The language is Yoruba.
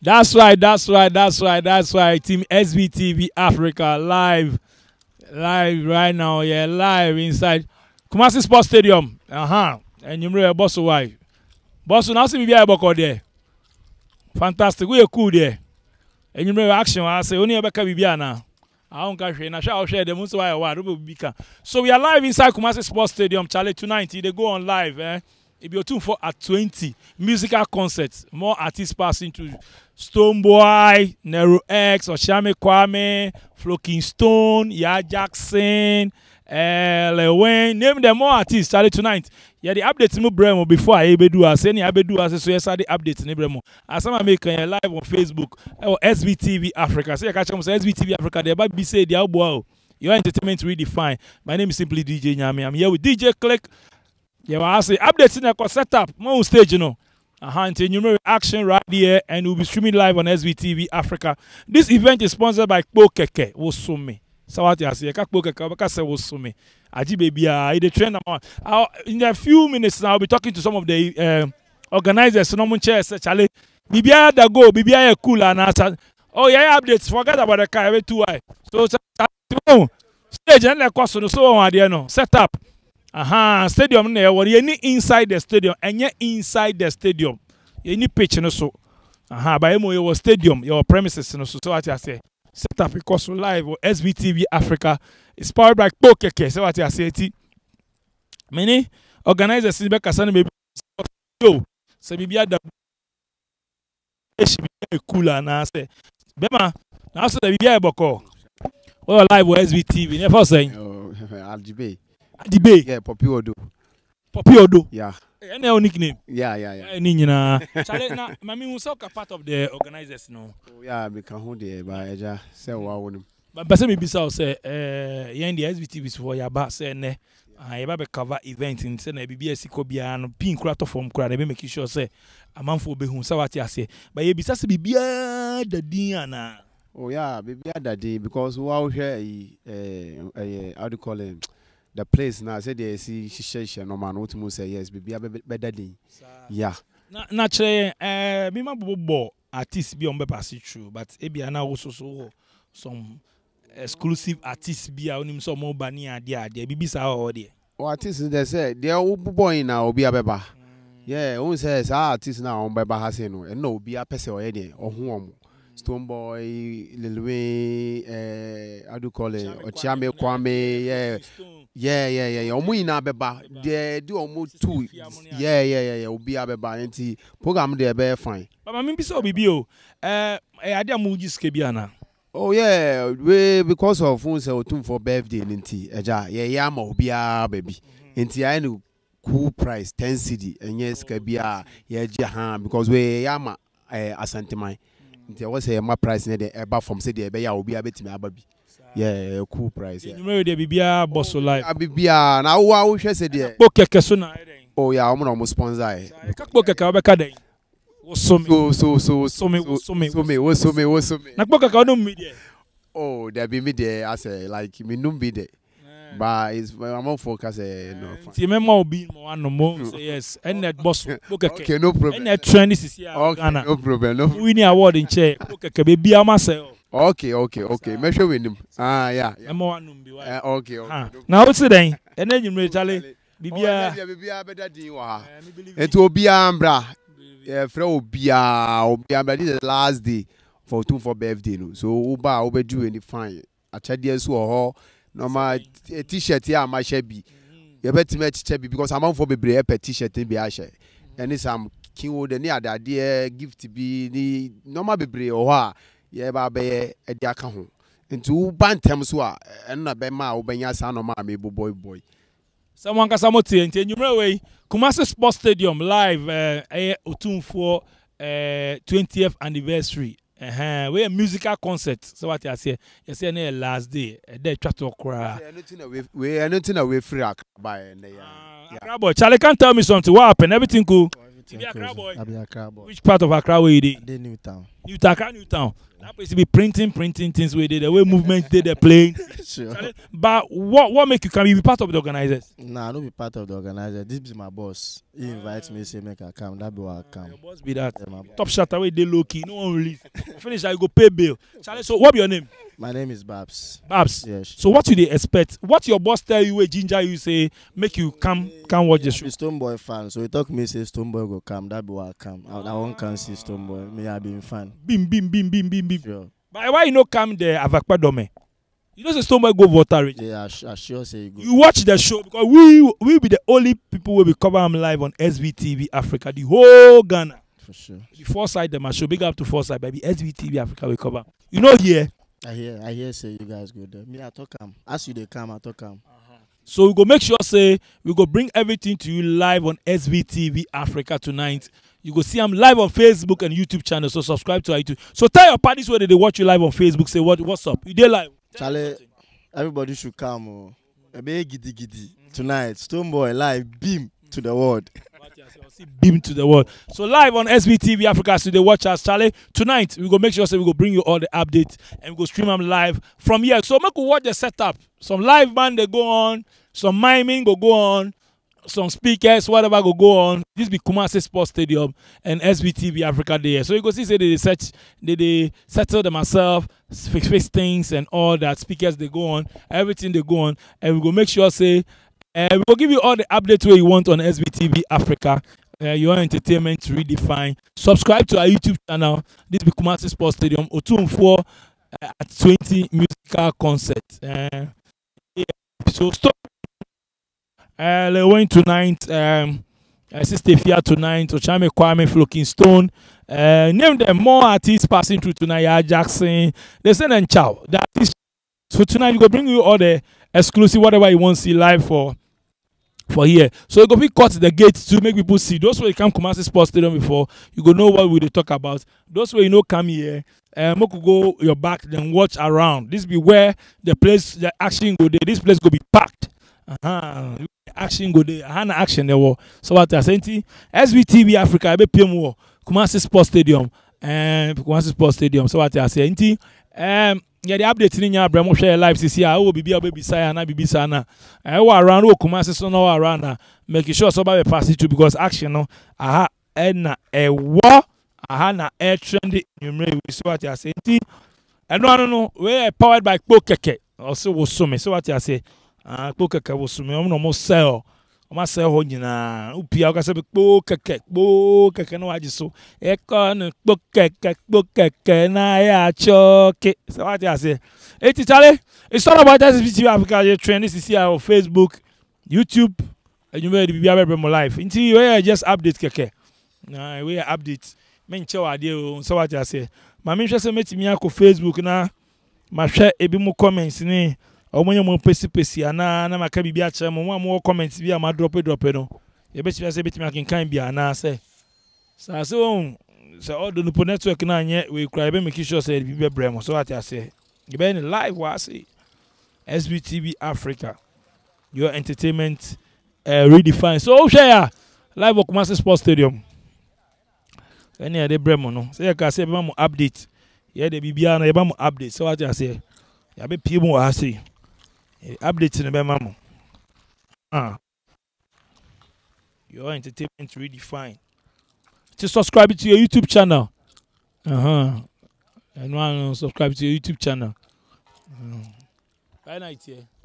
that's right, that's right, that's right, that's right. Team SBTV Africa live, live right now. Yeah, live inside Kumasi Sports Stadium. Uh huh. And you're a boss wife. Boss, now see me be there. Fantastic. We are cool there. And you're action. I say, only a back be now. I don't catch it. I shall share the most why I So we are live inside Kumasi Sports Stadium. Charlie, ninety. they go on live. Eh? It'll be a for at 20. Musical concerts. More artists passing through Stoneboy, Nero X, Oshame Kwame, Floking Stone, Ya Jackson, uh, eh, Lewen. Name them more artists. Charlie tonight. Yeah, the updates mu bremo before I do as any do as so yesterday updates ni bremo. As I'm making live on Facebook eh, or SBTV Africa. Say so, catch them so SBTV Africa. They about be say the outbound. Your entertainment really fine. My name is simply DJ Nyami. I'm here with DJ Click yɛwɔ ase update na ɛkɔ set up mo stage no aha nti enyimire action right here and we'll be streaming live on SVTV Africa this event is sponsored by kpo keke wosome sawati ase yɛka kpo keke ɔbɛka sɛ wosome agye beebi a e dey train am on in a few minutes now, I'll be talking to some of the uh, organisers na ɔmo nkyɛn sɛ kyale biribiara da go biribiara yɛ cool anaasa oh yeah, update forget about the car ɛbɛ tu wa so stage ɛna ɛkɔ so no so wɔn adeɛ no set up aha stadium no na ɛwɔ yɛni inside the stadium ɛnyɛ inside the stadium yɛni pitch no so aha abayɛ mu yɛwɔ stadium yɛwɔ premises no so so wate aseɛ setup kɔ so live wɔ sbtv africa is powered by kpo kɛkɛ sɛ wate aseɛ ti mene organisers ni bɛkasa no baabi yo sɛ biribi ada ɛhyɛ biribi ayɛ cool anaasɛ bɛma n'asɔ dɛ biribi ayɛ bɔkɔɔ wɔyɛ live wɔ sbtv ne ɛfɔ sɛn. aljibe. Adibe. Yeah, Poppy Odo. Poppy Odo. Yeah. Eh, any your nickname? Yeah, yeah, yeah. Any eh, nyina. Chale na mami hu so ka part of the organizers no. Oh yeah, me ka ho de ba eja se wa wonu. Ba pese me bisa o se eh Yeah. the SBT bis for ya ba se ne. Ah ye ba be cover event in se na bibi asiko bia ah, no pin kura to form kura na be make sure se amanfo be hu sa wate ase. Ba ye bisa se bibia dadin ana. Oh yeah, bibia dadin because wa wo hwe eh eh how do you call it? the place na sɛdeɛ yɛsi hyehyɛhyɛ nɔma no wotumi sɛ yes biribia bɛda den ya na kyerɛ yɛn ɛɛ eh, bi ma bobɔ artist bi a wɔn bɛ paase through but ebi a na woso so wɔ some exclusive artist bi a onim sɛ ɔmo ba ne adeɛ adeɛ bibi saa wɔ deɛ. wɔ artist deɛ sɛ deɛ wobobɔ yi na obi abɛba mm. yɛ ohun sɛ saa artist na wɔn bɛba ha se no ɛnna obi apɛ sɛ ɔyɛ deɛ ɔho wɔn. Stone Boy, Lil eh, how do you call it? Ochiame Kwame, yeah. Yeah, yeah, yeah, yeah. Omu ina beba. They do omu two. Yeah, yeah, yeah, yeah. Obi abeba. Nti program dey be fine. Baba mi bi se obi bi o. Eh, eh ade amu sike bi ana. Oh yeah, we because of phone say otum for birthday nti eja. Eh, yeah, yeah, ma obi a baby. Nti I no cool price ten cedi enye sika bi a yeah, ha because we yama eh asanteman nti ɛwɔ sɛ ɛma price ne deɛ ɛba fam sɛ deɛ ɛbɛyɛ a obi abɛtumi aba bi yɛ cool price. enyimire deɛ bibiara bɔ so live. abibiara na awo awo hwɛ sɛ deɛ. kpo kɛkɛ so na ayɛ dɛ. o oh, yà ɔmo na ɔmo sponsor yɛ. ɛka kpo kɛkɛ ɔbɛka dɛ. wosomi wosomi wosomi wosomi na kpo kɛkɛ ɔnum mi deɛ. o oh, dabi mi deɛ asɛ like mi num bi deɛ. Mm. but it's i'm not focused eh, mm. no See, me ma obi mo ano mo say yes ene boss bo okay no problem ene trend is here okay no problem no we ni award in chair bo keke be bia ma say okay okay okay me show we nim ah yeah e mo anu bi wa okay okay na o ti den ene nyimre chale bibia bibia beda din wa ha eh, enti obi ambra yeah fre obi obi ambra this is the last day for two for birthday no so wo ba wo be do any fine akyade so ho na ɔma t-shirt yɛ a ma hyɛ bi yɛbɛtumi akyekyɛ bi because amanfoɔ bebree ɛpɛ t-shirt bi ahyɛ ɛne sam kinwood ne adadeɛ gift bi ne nɔɔma bebree wɔ hɔ a yɛba bɛyɛ ɛde aka ho nti woba ntɛm so a ɛno na bɛma a wobɛnya saa nɔma a mebobɔibɔi sɛ mo ankasa moteɛ nti anwummerɛ wei Kumasi Sports stadium live eh, ɛyɛ uh, otumfoɔ uh, eh, 20th anniversary ɛhɛn wey musical concert so sɛ wate aseɛ yɛsɛ ɛnɛ yɛ last day ɛdɛ ɛtwa tɔ koraa. ɛnu ti na free akraba yɛ ne ya. akraba charlie can tell me something what happen everything cool to be boy. I be boy. Which part of Accra where you dey? Dey New Town. New Town, Accra New Town. That place be printing, printing things where they the way movement dey the plane. sure. But what what make you come? You be part of the organizers? Nah, I no be part of the organizers. This be my boss. He invite uh, me say make I come. That be why I come. Your boss be that. Yeah, Top shot away dey low key. No one release. Finish, I go pay bill. Charlie, so what be your name? my name is babs. babs yes. so what do they expect what your boss tell you A ginger you say make you come, come watch yeah, the show. i be stone fan so he talk me say Stoneboy go come, that be why i calm i, I wan calm see stone me i been fan. bim bim bim bim bim bim. sure. but why you no calm the avakpadome you know say stone go voter it. yeah i, I sure say go. you watch the show because we we be the only people will be covering am live on sbtv africa the whole ghana. for sure. the foresight the i show big up to foresight baby sbtv africa will cover you know here. Yeah, i hear i hear say you guys go there me i talk am as you dey calm i talk am. so we go make sure say we go bring everything to you live on svtv africa tonight you go see am live on facebook and youtube channel so subscribe to our youtube so tell your parties wey dey dey watch you live on facebook say what what's up you dey live. chale everybody should calm o oh. ebe gidigidi tonight Stone Boy live beam to the world. beam to the world. So live on SBTV Africa Today, watch us, Charlie. Tonight, we go make sure so we go bring you all the updates and we go stream them live from here. So make we watch the setup. Some live band they go on, some miming go go on, some speakers, whatever go go on. This be Kumasi Sports Stadium and SBTV Africa there. So you go see say they search, they, they settle themselves, fix fix things and all that. Speakers they go on, everything they go on, and we go make sure say Uh, we will give you all the updates where you want on SBTV Africa. Uh, your entertainment really fine. Subscribe to our YouTube channel. This is Kumasi Sports Stadium. Otunfo uh, at 20 musical concert. Uh, yeah. So stop. Uh, Lewin tonight. Um, uh, Sister Fia tonight. Ochame Kwame Floking Stone. Uh, name them more artists passing through tonight. Yeah, Jackson. They send and chow. The artists. So tonight we will bring you all the exclusive whatever you want to see live for for here so you go fit cut the gate to make people see those where you come Kumasi Sports Stadium before you go know what we talk about those where you no come here uh, um, you go your back then watch around this be where the place the action go dey this place go be packed uh -huh. action go dey uh -huh, na action dey wọ sọwọ́tì àsẹ́ntì SBTV Africa be pm wọ Kumasi Sports Stadium um, Kumasi Sports Stadium So what? You àsẹ́ntì. Um, yɛde update ne nyɛ abrɛ mo hwɛ live sisi a ɛwɔ biribi a wobɛbisa yɛ anaa biribi saa na ɛwɔ around wɔ kuma ase so na ɛwɔ around a make sure sɛ ɔba bɛ pass to because action no aha ɛna eh, ɛwɔ eh, aha na ɛtrend eh, nwummerɛ yi so wate ase nti ɛno ano no wei yɛ powered by kpo kɛkɛ ɔsɛ wosome so wate ase kpo kɛkɛ wosome ɔmo na ɔmo sell wɔasɛe hɔ nyinaa wopia wokasɛ bi kpoo kɛkɛ kpoo kɛkɛ na wagye so ɛkɔ no kpo kɛkɛ kpo kɛkɛ na yɛ akyɔke sɛ wate aseɛ enti kyale it's all about sbtv africa yɛtwɛn ne sisi a wɔ facebook youtube adwuma yɛde biribia bɛbrɛ mo live nti wɔyɛ just update kɛkɛ na wɔyɛ update menkyɛ wɔ adeɛ o sɛ wate aseɛ ma menhwɛ sɛ mɛtumi akɔ facebook na mahwɛ ebi mu comments ne wɔn nyɛ mo pesipesi anaa na maka biribi akyerɛ mo wɔn a mo wɔ comment bi a mo adrɔpedrɔpe no yɛbɛtumi asɛ ebɛtumi akenkan bi anaa sɛ saa sɛ wɔn oh, sɛ ɔdo nipo network naa nyɛ wei kura yɛbɛ make sure sɛ ebi bɛbrɛ mo so ate aseɛ yɛbɛyɛ ne live wɔ ase sbtv africa your entertainment uh, redefine so o hwɛ ya live wɔ kumasi sports stadium ɛne yɛde brɛ mo no sɛ yɛka sɛ yɛbɛma mo update yɛde biribiara no yɛbɛma mo update sɛ wate aseɛ yɛabɛpie mu wɔ ase. Eh, update no bɛma mo Ah, your entertainment really fine. to subscribe to your youtube channel ɛno uh -huh. ano subscribe to your youtube channel uh bye night here.